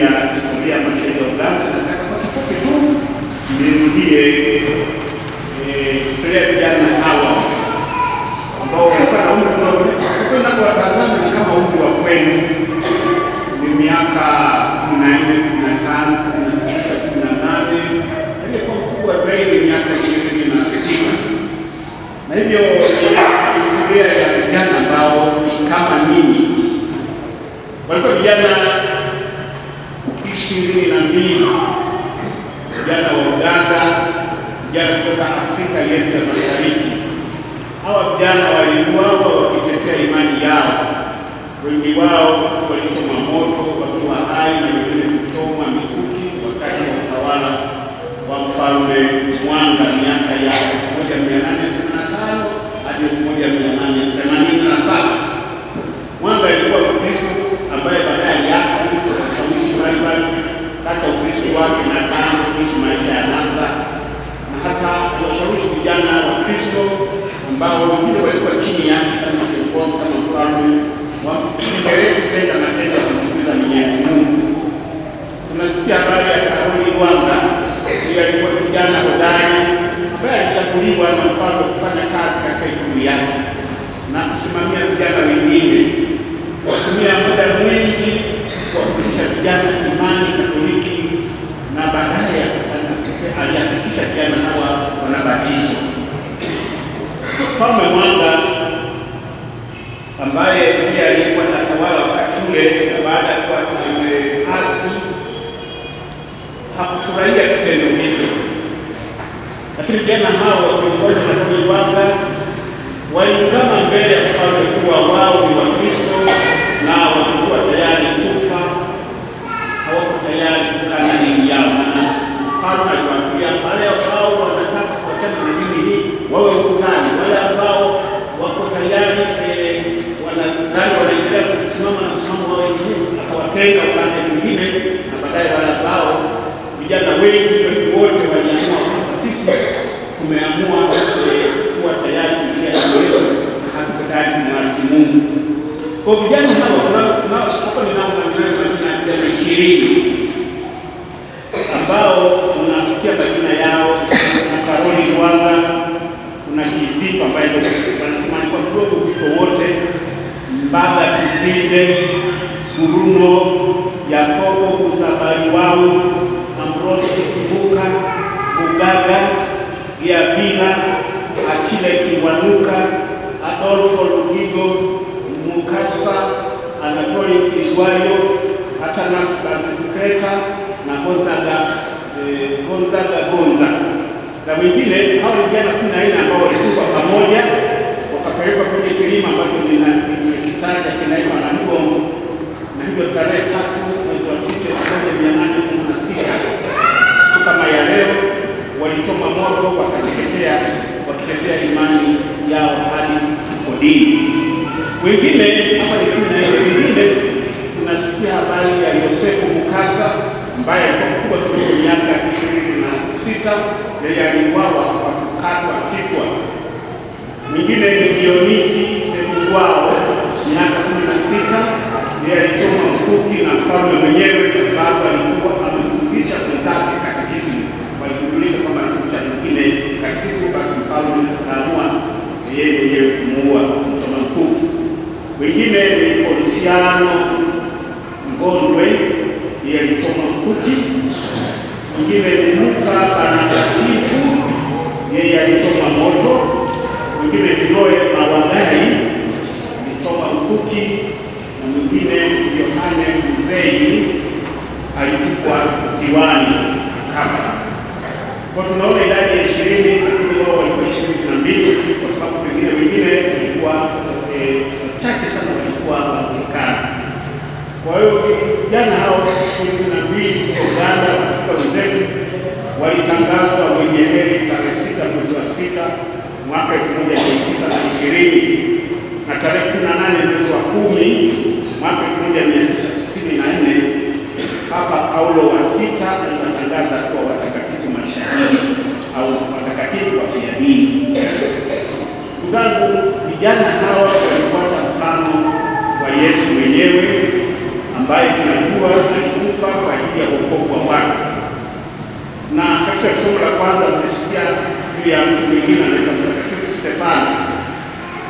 ya historia ya mashairi ya Uganda, nataka kwa kifupi tu nirudie eh, historia ya vijana hawa ambao walikuwa na umri mdogo, tazama ni kama umri wa kwenu, ni miaka kumi na nne, kumi na tano, kumi na sita, kumi na nane, aliyekuwa yaani mkubwa zaidi miaka ishirini na sita na hivyo historia ya vijana ambao ni kama nyinyi walikuwa vijana ishirini na mbili vijana wa Uganda, vijana kutoka Afrika yetu ya Mashariki. Hawa vijana waliuawa wakitetea imani yao, wengi wao walichoma moto wakiwa hai na wengine Kristo ambao wengine walikuwa chini yake kama kiongozi, kama mfalme, waendelee kutenda matendo ya kumtukuza Mwenyezi Mungu. Tunasikia habari ya Karoli Lwanga, ndiye alikuwa kijana hodari ambaye alichaguliwa na mfalme kufanya kazi katika ikulu yake na kusimamia vijana wengine, kutumia muda mwingi kuwafundisha vijana imani Katoliki na baadaye alihakikisha vijana hawa wanabatizwa. Mfalme Mwanga ambaye pia alikuwa tawala wakati ule na baada ya kuwa asi hakufurahia kitendo hicho, lakini vijana hao wakiongozwa na Mwanga waliungama mbele ya mfalme kuwa wao kwenda upande mwingine, na baadaye wale vijana wengi wetu wote waliamua kwamba sisi tumeamua kuwa tayari kutia yetu, hatutaki kumwasi Mungu. Kwa vijana hao hapo ninaona ya ishirini ambao unasikia majina yao, na Karoli Mwanga, kuna Kizipa ambaye wanasema ni kwa kidogo kuliko wote, Mbaga Kizipe Bruno Yakobo Kuzabaliwau, Ambrose Kibuka, Mugaga Giabira, Achile Kiwanuka, Adolfo Lugigo, Mukasa Anatoli Kiligwayo, Atanas Bazikreta na Gonzaga eh, Gonzaga Gonza na wengine. Hao vijana kumi na nne ambao walikuwa pamoja wakapelekwa kwenye kilima ambacho nimekitaja kinaitwa ilipigwa tarehe tatu mwezi wa sita elfu moja mia nane themanini na sita siku kama ya leo walichoma moto wakateketea, wakitetea imani yao hadi kifo dini. Wengine hapa nikunaio, wengine tunasikia habari ya Yosefu Mukasa ambaye alikuwa mkubwa kidogo, miaka ishirini na sita, yeye aliuawa kwa kukatwa kichwa. Mwingine ni Dionisi Sebugwao miaka kumi na sita ndiye mkuki na mfalme mwenyewe, kwa sababu alikuwa amemfundisha mwenzake katekisimu. Waligundulika kwamba anafundisha mwingine katekisimu, basi mfalme akaamua yeye mwenyewe kumuua mchoma mkuki. Wengine ni Ponsiano Ngondwe, ndiye alichoma mkuki. Mwingine ishirini na mbili kwa Uganda Afrika Viteki walitangazwa wenye heri tarehe sita mwezi wa sita mwaka elfu moja mia tisa na ishirini na tarehe kumi na nane mwezi wa kumi mwaka elfu moja mia tisa sitini na nne Papa Paulo wa sita aliwatangaza kuwa watakatifu mashahidi au watakatifu wafiadini. Ndugu zangu, vijana hawa walifuata mfano wa Yesu mwenyewe ambaye tunajua alikufa kwa ajili ya wokovu wa watu. Na katika somo la kwanza tumesikia juu ya mtu mwingine anaitwa Mtakatifu Stefano,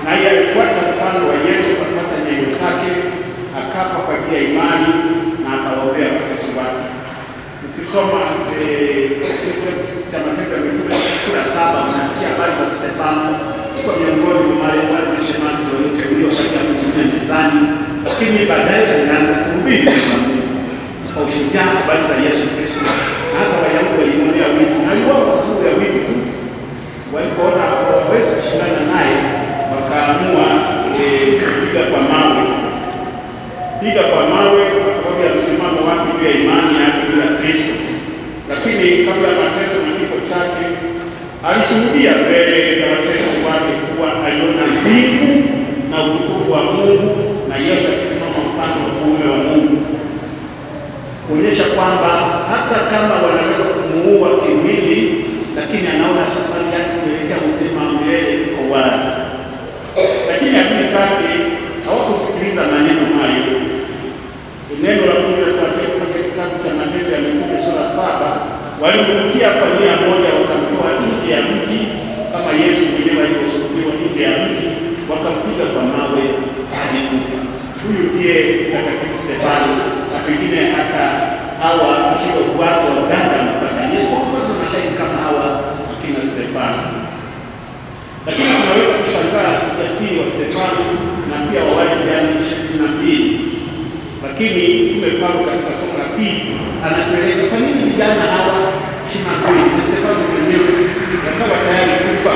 naye alifuata mfano wa Yesu, akafuata nyayo zake, akafa kwa ajili ya imani na akawaombea watesi wake. Ukisoma eh, cha Matendo ya Mitume sura saba unasikia habari za Stefano, kwa miongoni mwa wale mashemasi walioteuliwa katika kutumia mezani, lakini baadaye alianza kuhubiri kwa ushujaa habari za Yesu Kristo, hata Wayahudi walimwonea wivu na wao kwa sababu ya wivu tu walipoona hawawezi kushindana naye, wakaamua kupiga eh, kwa mawe, piga kwa mawe kwa sababu ya msimamo wake juu ya imani yake juu ya Kristo. Lakini kabla ya mateso na kifo chake alishuhudia mbele ya wateso wake kuwa aliona mbingu na utukufu wa Mungu na Yesu mfano wa kuume wa Mungu, kuonyesha kwamba hata kama wanaweza kumuua kimwili, lakini anaona safari yake kuelekea uzima wa milele iko wazi. Lakini adui zake hawakusikiliza maneno hayo. Neno la Mungu linatuambia kutoka kitabu cha Matendo ya Mitume sura saba, walimrukia kwa nia moja, wakamtoa nje ya mji kama Yesu mwenyewe alivyosulubiwa nje ya mji, wakampiga kwa mawe hadi kufa huyu ndiye Mtakatifu Stefano na pengine hata hawa washika wako wa Uganda wanafanyaje mashahidi kama hawa akina Stefano. Lakini tunaweza kushangaa ujasiri wa Stefano na pia wa wale vijana ishirini na mbili, lakini Mtume Paulo katika somo la pili anatueleza kwa nini vijana hawa ishirini na mbili na Stefano mwenyewe wakawa tayari kufa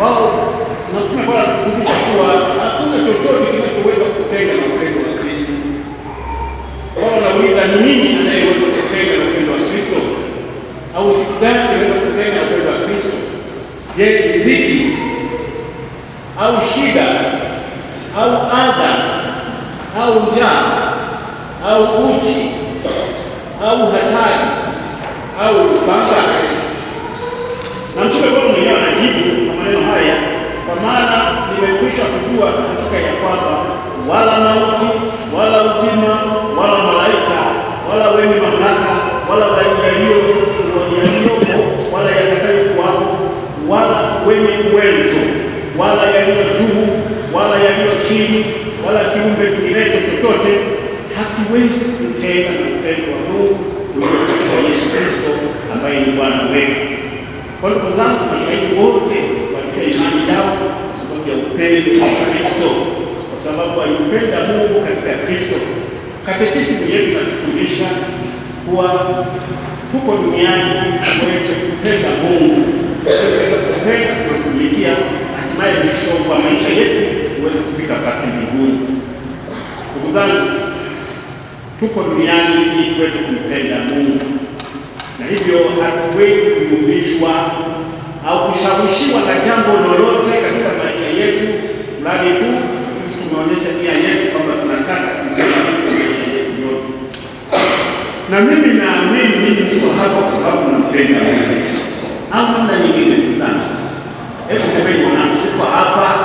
wao Mtume Paulo anatufundisha kuwa hakuna chochote kinachoweza kutenga na upendo wa Kristo. Paulo anauliza ni nini anayeweza kutenga na upendo wa Kristo? Au kitu gani kinaweza kutenga na upendo wa Kristo? Je, ni dhiki au shida au adha au njaa au uchi au hatari au upanga? Na Mtume Paulo mwenyewe anajibu kuisha kujua hakika ya kwamba wala mauti wala uzima wala malaika wala wenye mamlaka wala yaliyopo wala yatakayo kuwapo wala wenye uwezo wala yaliyo juu wala yaliyo chini wala kiumbe kinginecho chochote hakiwezi kutenga na upendo wa Mungu kwa Yesu Kristo ambaye ni Bwana wetu. Kwa ndugu zangu, mashahidi wote ya imani yao kwa sababu ya upendo wa Kristo, kwa sababu alimpenda Mungu katika Kristo. Katekisimu yetu inatufundisha kuwa tuko duniani tuweze kupenda Mungu, kupenda kumtumikia, hatimaye mwisho wa maisha yetu uweze kufika pake mbinguni. Ndugu zangu, tuko duniani ili tuweze kumpenda Mungu, na hivyo hatuwezi kuyumbishwa au kushawishiwa na jambo lolote katika maisha yetu, mradi tu sisi tumeonyesha nia yetu kwamba tunataka yetu Na mimi naamini mimi niko hapa kwa sababu nampenda Mungu, hamna nyingine. Hebu semeni mwanangu, hapa